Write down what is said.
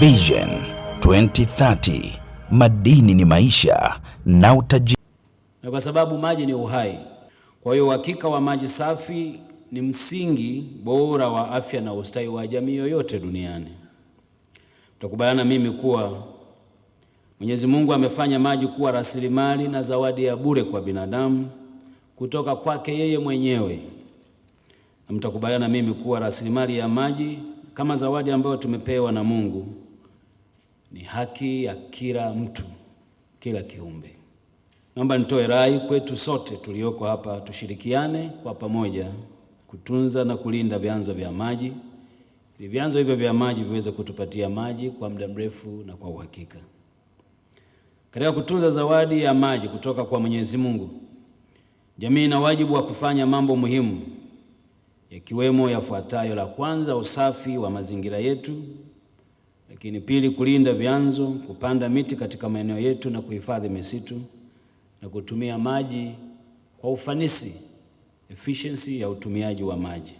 Vision 2030 madini ni maisha na utajiri, na kwa sababu maji ni uhai. Kwa hiyo uhakika wa maji safi ni msingi bora wa afya na ustawi wa jamii yoyote duniani. Mtakubaliana mimi kuwa Mwenyezi Mungu amefanya maji kuwa rasilimali na zawadi ya bure kwa binadamu kutoka kwake yeye mwenyewe, na mtakubaliana mimi kuwa rasilimali ya maji kama zawadi ambayo tumepewa na Mungu ni haki ya kila mtu, kila kiumbe. Naomba nitoe rai kwetu sote tulioko hapa, tushirikiane kwa pamoja kutunza na kulinda vyanzo vya maji ili vyanzo hivyo vya maji viweze kutupatia maji kwa muda mrefu na kwa uhakika. Katika kutunza zawadi ya maji kutoka kwa Mwenyezi Mungu, jamii ina wajibu wa kufanya mambo muhimu yakiwemo yafuatayo: la kwanza, usafi wa mazingira yetu lakini pili, kulinda vyanzo, kupanda miti katika maeneo yetu na kuhifadhi misitu na kutumia maji kwa ufanisi, efficiency ya utumiaji wa maji.